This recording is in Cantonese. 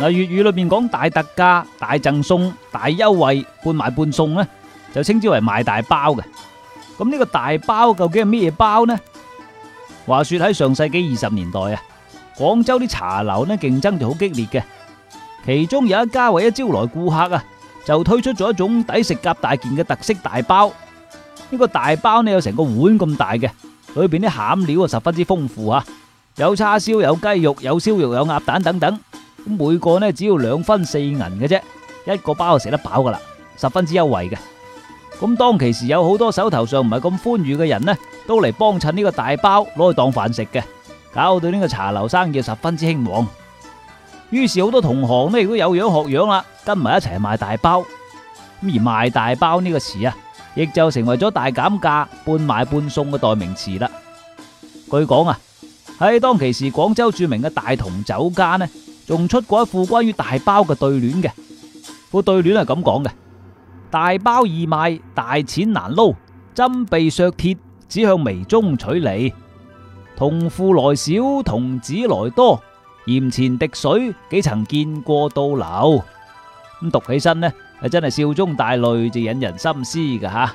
嗱，粵語裏面講大特價、大贈送、大優惠、半賣半送呢就稱之為賣大包嘅。咁呢個大包究竟係咩包呢？話說喺上世紀二十年代啊，廣州啲茶樓呢競爭就好激烈嘅。其中有一家為咗招徠顧客啊，就推出咗一種抵食夾大件嘅特色大包。呢、呢個大包呢有成個碗咁大嘅，裏邊啲餡料啊十分之豐富啊，有叉燒、有雞肉、有燒肉、有鴨蛋等等。每個呢只要兩分四銀嘅啫，一個包就食得飽噶啦，十分之優惠嘅。咁當其時有好多手頭上唔係咁寬裕嘅人呢，都嚟幫襯呢個大包攞去當飯食嘅，搞到呢個茶樓生意十分之興旺。於是好多同行呢亦都有樣學樣啦，跟埋一齊賣大包。咁而賣大包呢個詞啊，亦就成為咗大減價半買半送嘅代名詞啦。據講啊，喺當其時廣州著名嘅大同酒家呢。仲出過一副關於大包嘅對聯嘅，副、那個、對聯係咁講嘅：大包易賣，大錢難撈，針鼻削鐵，只向微中取利。同父來少，同子來多，檐前滴水，幾曾見過倒流？咁讀起身呢，啊真係笑中帶淚，就引人深思噶吓。